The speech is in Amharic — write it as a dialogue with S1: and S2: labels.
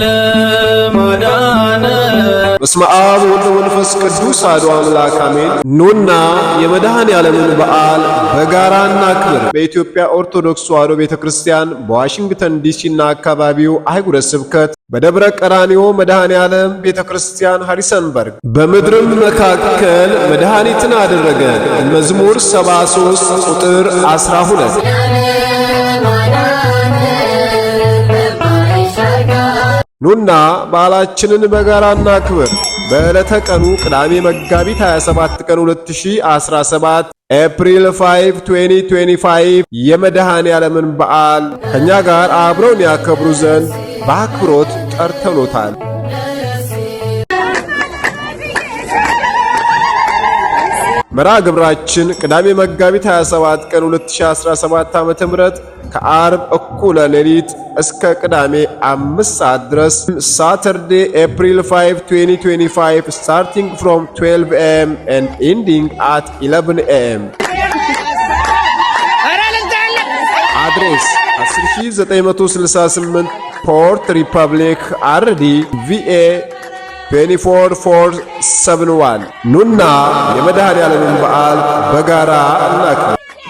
S1: ለማዳነ
S2: በስመ አብ ወወልድ ወመንፈስ ቅዱስ አሐዱ አምላክ አሜን። ኑና የመድኃኔ ዓለምን በዓል በጋራ እናክብር። በኢትዮጵያ ኦርቶዶክስ ተዋሕዶ ቤተክርስቲያን በዋሽንግተን ዲሲና አካባቢው አህጉረ ስብከት በደብረ ቀራኒዮ መድኃኔ ዓለም ቤተ ክርስቲያን ሃሪሰንበርግ በምድርም መካከል መድኃኒትን አደረገ። መዝሙር 73 ቁጥር 12 ኑና በዓላችንን በጋራ እናክብር። በዕለተ ቀኑ ቅዳሜ መጋቢት 27 ቀን 2017 ኤፕሪል 5 2025 የመድኃኔ ዓለምን በዓል ከእኛ ጋር አብረውን ያከብሩ ዘንድ በአክብሮት ጠርተኖታል። መርሃ ግብራችን ቅዳሜ መጋቢት 27 ቀን 2017 ዓ.ም ከአርብ እኩለ ሌሊት እስከ ቅዳሜ 5 ሰዓት ድረስ፣ ሳተርዴ ኤፕሪል 5 2025 ስታርቲንግ ፍሮም 12 ኤም ኤንድ ኢንዲንግ አት 11 ኤም። አድሬስ 10968 ፖርት ሪፐብሊክ አርዲ ቪኤ 2471 ኑና የመድኃኔ ዓለምን በዓል በጋራ እናክብር።